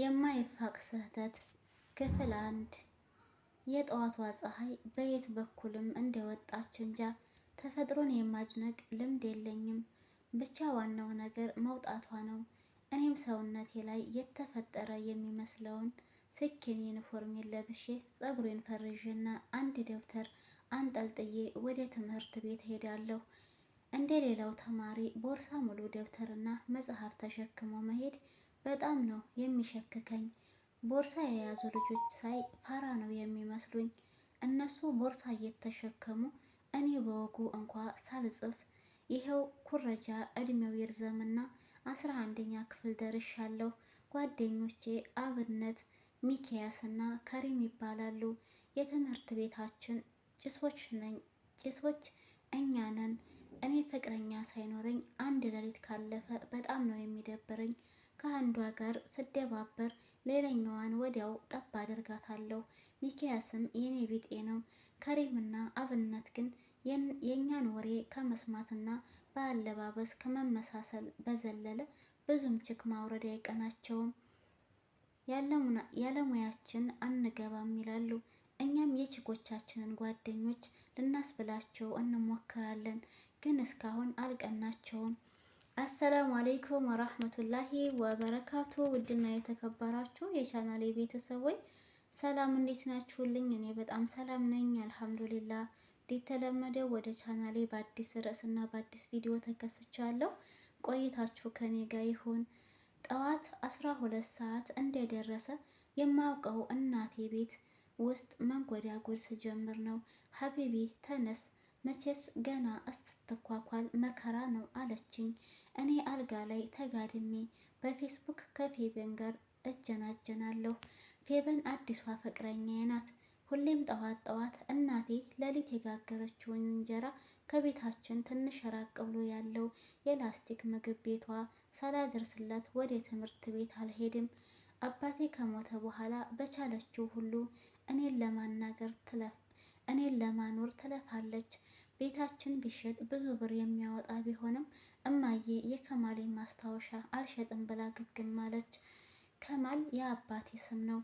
የማይፋቅ ስህተት ክፍል አንድ የጠዋቷ ፀሐይ በየት በኩልም እንደወጣች እንጃ። ተፈጥሮን የማድነቅ ልምድ የለኝም። ብቻ ዋናው ነገር መውጣቷ ነው። እኔም ሰውነቴ ላይ የተፈጠረ የሚመስለውን ስኪን ዩኒፎርሜን ለብሼ ጸጉሬን ፈርዤና አንድ ደብተር አንጠልጥዬ ወደ ትምህርት ቤት ሄዳለሁ። እንደ ሌላው ተማሪ ቦርሳ ሙሉ ደብተርና መጽሐፍ ተሸክሞ መሄድ በጣም ነው የሚሸክከኝ። ቦርሳ የያዙ ልጆች ሳይ ፋራ ነው የሚመስሉኝ። እነሱ ቦርሳ እየተሸከሙ እኔ በወጉ እንኳ ሳልጽፍ ይኸው ኩረጃ እድሜው ይርዘምና አስራ አንደኛ ክፍል ደርሻለሁ። ጓደኞቼ አብነት ሚኪያስና ከሪም ይባላሉ። የትምህርት ቤታችን ጭሶች ነኝ ጭሶች እኛ ነን። እኔ ፍቅረኛ ሳይኖረኝ አንድ ሌሊት ካለፈ በጣም ነው የሚደብረኝ። ከአንዷ ጋር ስደባበር ሌላኛዋን ወዲያው ጠብ አደርጋታለሁ። ሚኪያስም የኔ ቢጤ ነው። ከሪምና አብነት ግን የእኛን ወሬ ከመስማትና በአለባበስ ከመመሳሰል በዘለለ ብዙም ችክ ማውረድ አይቀናቸውም። ያለሙያችን አንገባም ይላሉ። እኛም የችኮቻችንን ጓደኞች ልናስብላቸው እንሞክራለን፣ ግን እስካሁን አልቀናቸውም። አሰላሙ አሌይኩም ወራህመቱላሂ ወበረካቱ። ውድና የተከበራችሁ የቻናሌ ቤተሰቦች ሰላም እንዴት ናችሁልኝ? እኔ በጣም ሰላም ነኝ አልሐምዱሊላ። እንደተለመደው ወደ ቻናሌ በአዲስ ርዕስና በአዲስ ቪዲዮ ተከስቻለሁ። ቆይታችሁ ከኔ ጋር ይሁን። ጠዋት አስራ ሁለት ሰዓት እንደደረሰ የማውቀው እናቴ ቤት ውስጥ መንጎዳጎድ ስጀምር ነው ሀቢቢ ተነስ መቼስ ገና እስትተኳኳል መከራ ነው አለችኝ። እኔ አልጋ ላይ ተጋድሜ በፌስቡክ ከፌበን ጋር እጀናጀናለሁ። ፌበን አዲሷ ፍቅረኛዬ ናት። ሁሌም ጠዋት ጠዋት እናቴ ሌሊት የጋገረችውን እንጀራ ከቤታችን ትንሽ ራቅ ብሎ ያለው የላስቲክ ምግብ ቤቷ ሳላደርስለት ወደ ትምህርት ቤት አልሄድም። አባቴ ከሞተ በኋላ በቻለችው ሁሉ እኔን ለማናገር እኔን ለማኖር ትለፋለች። ቤታችን ቢሸጥ ብዙ ብር የሚያወጣ ቢሆንም እማዬ የከማሌ ማስታወሻ አልሸጥም ብላ ግግም አለች። ከማል የአባቴ ስም ነው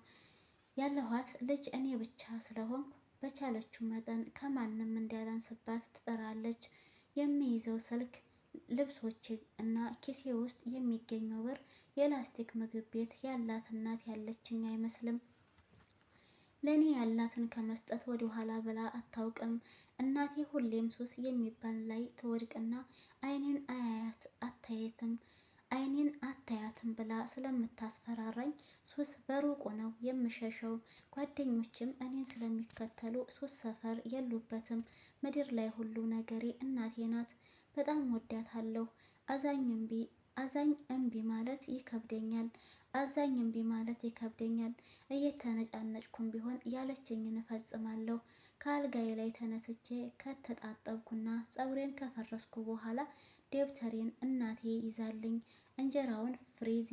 ያለኋት ልጅ እኔ ብቻ ስለሆንኩ በቻለችው መጠን ከማንም እንዲያላንስባት ትጠራለች። የሚይዘው ስልክ፣ ልብሶቼ እና ኪሴ ውስጥ የሚገኘው ብር የላስቲክ ምግብ ቤት ያላት እናት ያለችኝ አይመስልም። ለእኔ ያላትን ከመስጠት ወደ ኋላ ብላ አታውቅም። እናቴ ሁሌም ሱስ የሚባል ላይ ትወድቅና አይኔን አያያት አታየትም አይኔን አታያትም ብላ ስለምታስፈራራኝ ሱስ በሩቁ ነው የምሸሸው። ጓደኞችም እኔን ስለሚከተሉ ሱስ ሰፈር የሉበትም። ምድር ላይ ሁሉ ነገሬ እናቴ ናት። በጣም ወዳታለሁ። አዛኝ ቢ አዛኝ እምቢ ማለት ይከብደኛል፣ አዛኝ እምቢ ማለት ይከብደኛል። እየተነጫነጭኩም ቢሆን ያለችኝን እፈጽማለሁ። ከአልጋዬ ላይ ተነስቼ ከተጣጠብኩና ፀጉሬን ከፈረስኩ በኋላ ደብተሬን እናቴ ይዛልኝ እንጀራውን ፍሪዜ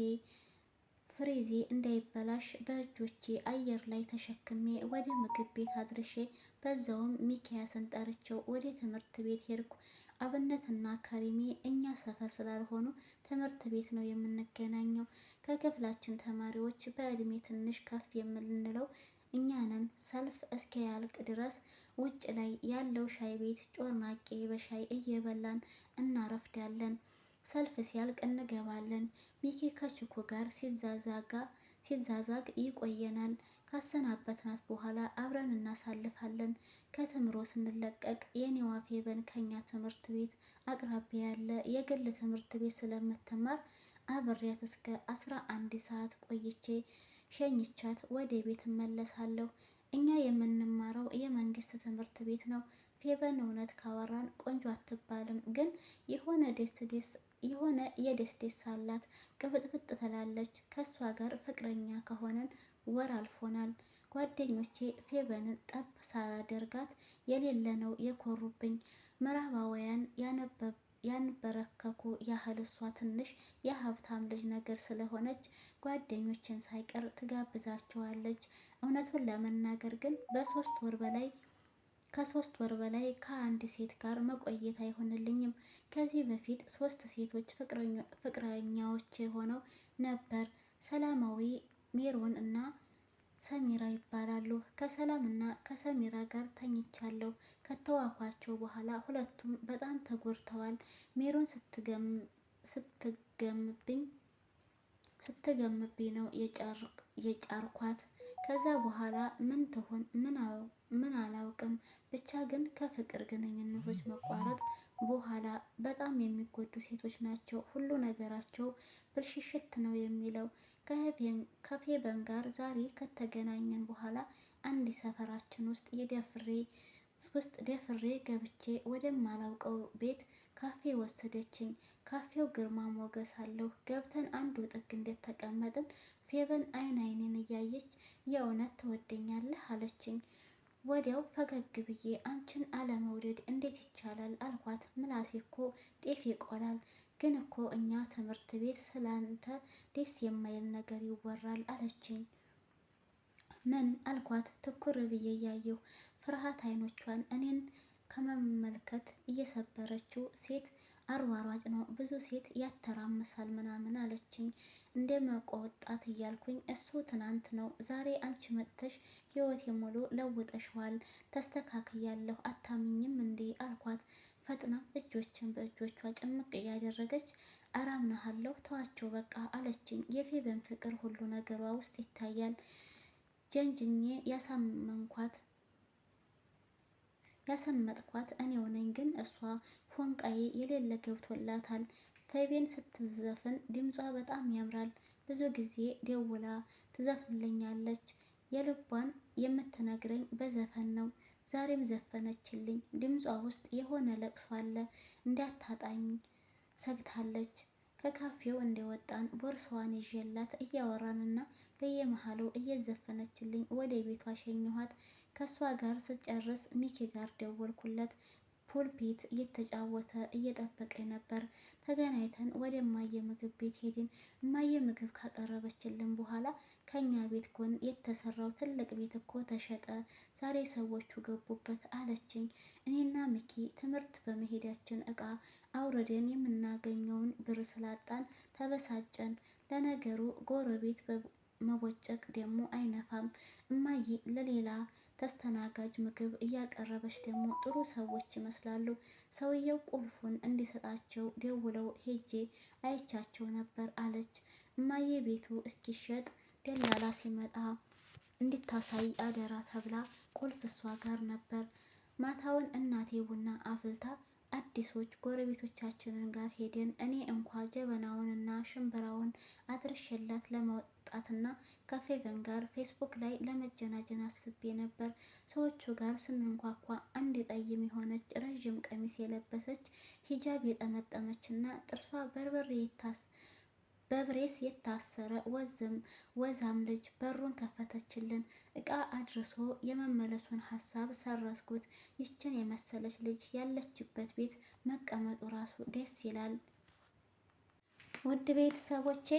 ፍሪዜ እንዳይበላሽ በእጆቼ አየር ላይ ተሸክሜ ወደ ምግብ ቤት አድርሼ በዛውም ሚኪያስን ጠርቸው ወደ ትምህርት ቤት ሄድኩ። አብነትና ከሪሜ እኛ ሰፈር ስላልሆኑ ትምህርት ቤት ነው የምንገናኘው። ከክፍላችን ተማሪዎች በእድሜ ትንሽ ከፍ የምንለው እኛንን ሰልፍ እስኪያልቅ ድረስ ውጭ ላይ ያለው ሻይ ቤት ጮርናቄ በሻይ እየበላን እናረፍዳለን። ሰልፍ ሲያልቅ እንገባለን። ሚኪ ከችኩ ጋር ሲዛዛጋ ሲዛዛግ ይቆየናል። ካሰናበትናት በኋላ አብረን እናሳልፋለን። ከትምሮ ስንለቀቅ የኔዋ ፌበን ከኛ ትምህርት ቤት አቅራቢያ ያለ የግል ትምህርት ቤት ስለምትማር አብሬያት እስከ አስራ አንድ ሰዓት ቆይቼ ሸኝቻት ወደ ቤት እመለሳለሁ። እኛ የምንማረው የመንግስት ትምህርት ቤት ነው። ፌበን እውነት ካወራን ቆንጆ አትባልም፣ ግን የሆነ ደስ ደስ የሆነ የደስቴ ሳላት ቅብጥብጥ ትላለች። ከእሷ ጋር ፍቅረኛ ከሆነን ወር አልፎናል። ጓደኞቼ ፌቨንን ጠብ ሳላደርጋት የሌለ ነው የኮሩብኝ። ምዕራባውያን ያንበረከኩ ያህል እሷ ትንሽ የሀብታም ልጅ ነገር ስለሆነች ጓደኞችን ሳይቀር ትጋብዛቸዋለች። እውነቱን ለመናገር ግን በሶስት ወር በላይ ከሶስት ወር በላይ ከአንድ ሴት ጋር መቆየት አይሆንልኝም። ከዚህ በፊት ሶስት ሴቶች ፍቅረኛዎች የሆነው ነበር። ሰላማዊ፣ ሜሮን እና ሰሚራ ይባላሉ። ከሰላም እና ከሰሚራ ጋር ተኝቻለሁ። ከተዋኳቸው በኋላ ሁለቱም በጣም ተጎድተዋል። ሜሮን ስትገምብኝ ስትገምብኝ ነው የጫርኳት። ከዛ በኋላ ምን ትሆን ምን አላውቅም፣ ብቻ ግን ከፍቅር ግንኙነቶች መቋረጥ በኋላ በጣም የሚጎዱ ሴቶች ናቸው። ሁሉ ነገራቸው ብልሽሽት ነው የሚለው። ከፌቨን ጋር ዛሬ ከተገናኘን በኋላ አንድ ሰፈራችን ውስጥ የደፍሬ ውስጥ ደፍሬ ገብቼ ወደማላውቀው ቤት ካፌ ወሰደችኝ። ካፌው ግርማ ሞገስ አለው። ገብተን አንዱ ጥግ ተቀመጥን። ፌበን አይን አይኔን እያየች የእውነት ትወደኛለህ አለችኝ። ወዲያው ፈገግ ብዬ አንቺን አለመውደድ እንዴት ይቻላል አልኳት። ምላሴ እኮ ጤፍ ይቆላል፣ ግን እኮ እኛ ትምህርት ቤት ስላንተ ደስ የማይል ነገር ይወራል አለችኝ። ምን አልኳት ትኩር ብዬ እያየሁ። ፍርሃት አይኖቿን እኔን ከመመልከት እየሰበረችው ሴት አሯሯጭ ነው፣ ብዙ ሴት ያተራምሳል ምናምን አለችኝ። እንደ መቆጣት እያልኩኝ እሱ ትናንት ነው። ዛሬ አንቺ መጥተሽ ህይወቴ ሙሉ ለውጠሽዋል፣ ተስተካክያለሁ፣ አታምኝም እንዴ አልኳት። ፈጥና እጆችን በእጆቿ ጭምቅ እያደረገች አራምናሃለሁ፣ ተዋቸው በቃ አለችኝ። የፌበን ፍቅር ሁሉ ነገሯ ውስጥ ይታያል። ጀንጅኜ ያሳመንኳት ያሰመጥኳት እኔው ነኝ። ግን እሷ ፎንቃዬ የሌለ ገብቶላታል። ፈይቤን ስትዘፍን ድምጿ በጣም ያምራል። ብዙ ጊዜ ደውላ ትዘፍንልኛለች። የልቧን የምትነግረኝ በዘፈን ነው። ዛሬም ዘፈነችልኝ። ድምጿ ውስጥ የሆነ ለቅሶ አለ። እንዳታጣኝ ሰግታለች። ከካፌው እንደወጣን ቦርሳዋን ይዤላት እያወራንና በየመሃሉ እየዘፈነችልኝ ወደ ቤቷ ሸኘኋት። ከእሷ ጋር ስጨርስ ሚኪ ጋር ደወልኩለት። ፑልፒት እየተጫወተ እየጠበቀ ነበር። ተገናኝተን ወደ እማየ ምግብ ቤት ሄድን። እማየ ምግብ ካቀረበችልን በኋላ ከኛ ቤት ጎን የተሰራው ትልቅ ቤት እኮ ተሸጠ፣ ዛሬ ሰዎቹ ገቡበት አለችኝ። እኔና ሚኪ ትምህርት በመሄዳችን እቃ አውርደን የምናገኘውን ብር ስላጣን ተበሳጨን። ለነገሩ ጎረቤት መቦጨቅ ደግሞ አይነፋም። እማዬ ለሌላ ተስተናጋጅ ምግብ እያቀረበች ደግሞ ጥሩ ሰዎች ይመስላሉ። ሰውየው ቁልፉን እንዲሰጣቸው ደውለው ሄጄ አይቻቸው ነበር አለች። እማዬ ቤቱ እስኪሸጥ ደላላ ሲመጣ እንድታሳይ አደራ ተብላ ቁልፍ እሷ ጋር ነበር። ማታውን እናቴ ቡና አፍልታ አዲሶች ጎረቤቶቻችንን ጋር ሄደን እኔ እንኳ ጀበናውንና ሽምብራውን አድርሼላት ለመውጣት ወጣትና ከፌቨን ጋር ፌስቡክ ላይ ለመጀናጀን አስቤ ነበር። ሰዎቹ ጋር ስንንኳኳ አንድ ጠይም የሆነች ረዥም ቀሚስ የለበሰች ሂጃብ የጠመጠመችና ጥርሷ በርበሬ ይታስ በብሬስ የታሰረ ወዝም ወዛም ልጅ በሩን ከፈተችልን። እቃ አድርሶ የመመለሱን ሀሳብ ሰረስኩት። ይችን የመሰለች ልጅ ያለችበት ቤት መቀመጡ ራሱ ደስ ይላል። ውድ ቤተሰቦቼ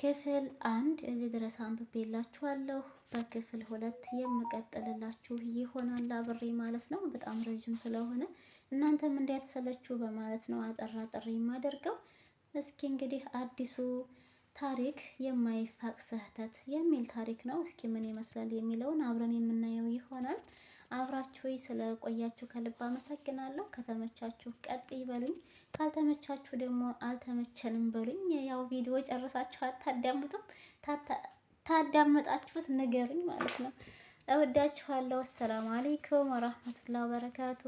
ክፍል አንድ እዚህ ድረስ አንብቤላችኋለሁ። በክፍል ሁለት የምቀጥልላችሁ ይሆናል አብሬ ማለት ነው። በጣም ረዥም ስለሆነ እናንተም እንዳትሰለችሁ በማለት ነው አጠራ ጠሪ የማደርገው። እስኪ እንግዲህ አዲሱ ታሪክ የማይፋቅ ስህተት የሚል ታሪክ ነው። እስኪ ምን ይመስላል የሚለውን አብረን የምናየው ይሆናል። አብራችሁ ስለቆያችሁ ከልብ አመሰግናለሁ። ከተመቻችሁ ቀጥ ይበሉኝ፣ ካልተመቻችሁ ደግሞ አልተመቸንም በሉኝ። ያው ቪዲዮ ጨርሳችሁ አታዳምጡም፣ ታዳመጣችሁት ንገሩኝ ማለት ነው። እወዳችኋለሁ። አሰላሙ አሌይኩም ወራህመቱላ ወበረካቱ።